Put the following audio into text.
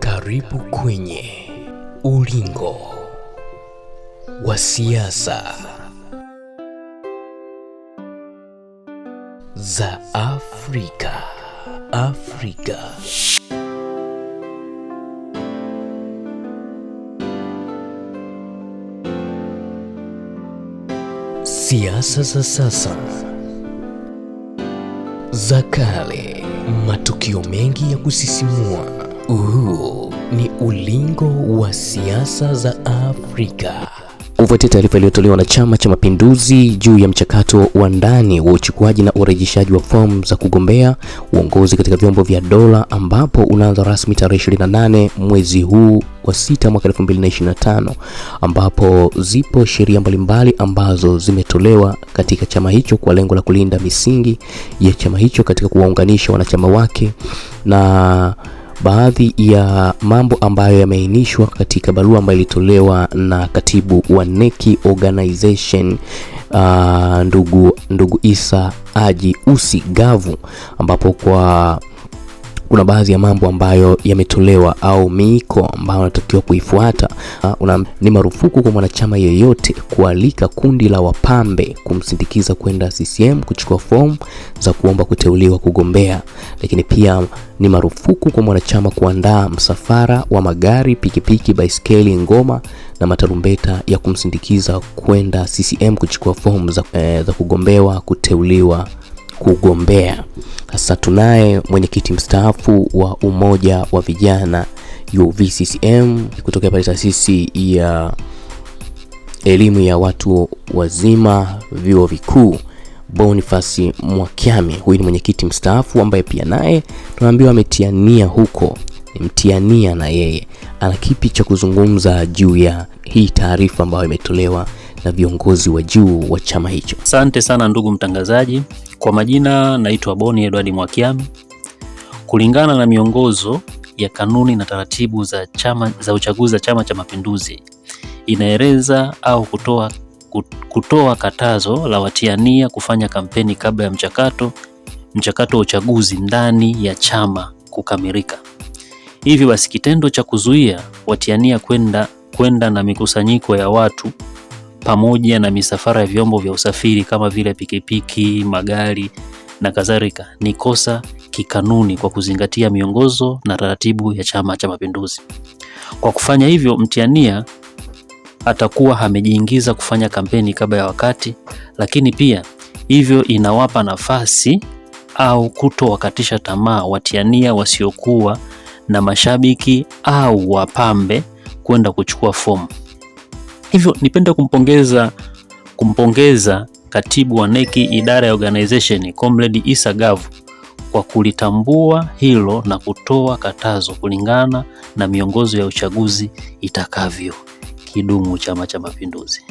Karibu kwenye ulingo wa siasa za Afrika. Afrika siasa za sasa za kale, matukio mengi ya kusisimua huu ni ulingo wa siasa za Afrika. kufuatia taarifa iliyotolewa na Chama cha Mapinduzi juu ya mchakato wa ndani wa uchukuaji na urejeshaji wa fomu za kugombea uongozi katika vyombo vya dola ambapo unaanza rasmi tarehe 28 mwezi huu wa sita mwaka 2025 ambapo zipo sheria mbalimbali ambazo zimetolewa katika chama hicho kwa lengo la kulinda misingi ya chama hicho katika kuwaunganisha wanachama wake na baadhi ya mambo ambayo yameainishwa katika barua ambayo ilitolewa na katibu wa NEC Organization uh, ndugu, ndugu Isa aji Usi Gavu ambapo kwa kuna baadhi ya mambo ambayo yametolewa au miiko ambayo unatakiwa kuifuata. Ah, una, ni marufuku kwa mwanachama yeyote kualika kundi la wapambe kumsindikiza kwenda CCM kuchukua fomu za kuomba kuteuliwa kugombea. Lakini pia ni marufuku kwa mwanachama kuandaa msafara wa magari, pikipiki, baiskeli, ngoma na matarumbeta ya kumsindikiza kwenda CCM kuchukua fomu za, eh, za kugombewa kuteuliwa kugombea. Sasa tunaye mwenyekiti mstaafu wa umoja wa vijana UVCCM kutokea pale taasisi ya elimu ya watu wazima vyuo vikuu Boniface Mwakyame. Huyu ni mwenyekiti mstaafu ambaye pia naye tunaambiwa ametiania huko, mtiania na yeye ana kipi cha kuzungumza juu ya hii taarifa ambayo imetolewa la viongozi wa juu wa chama hicho. Asante sana ndugu mtangazaji. Kwa majina naitwa Boni Edward Mwakiami. Kulingana na miongozo ya kanuni na taratibu za chama za uchaguzi za Chama cha Mapinduzi inaeleza au kutoa, kutoa katazo la watiania kufanya kampeni kabla ya mchakato mchakato wa uchaguzi ndani ya chama kukamilika. Hivyo basi kitendo cha kuzuia watiania kwenda kwenda na mikusanyiko ya watu pamoja na misafara ya vyombo vya usafiri kama vile pikipiki, magari na kadhalika ni kosa kikanuni kwa kuzingatia miongozo na taratibu ya Chama cha Mapinduzi. Kwa kufanya hivyo, mtiania atakuwa amejiingiza kufanya kampeni kabla ya wakati, lakini pia hivyo inawapa nafasi au kutowakatisha tamaa watiania wasiokuwa na mashabiki au wapambe kwenda kuchukua fomu. Hivyo nipende kumpongeza kumpongeza katibu wa neki idara ya organization Comrade Isa Gavu kwa kulitambua hilo na kutoa katazo kulingana na miongozo ya uchaguzi itakavyo. Kidumu Chama cha Mapinduzi!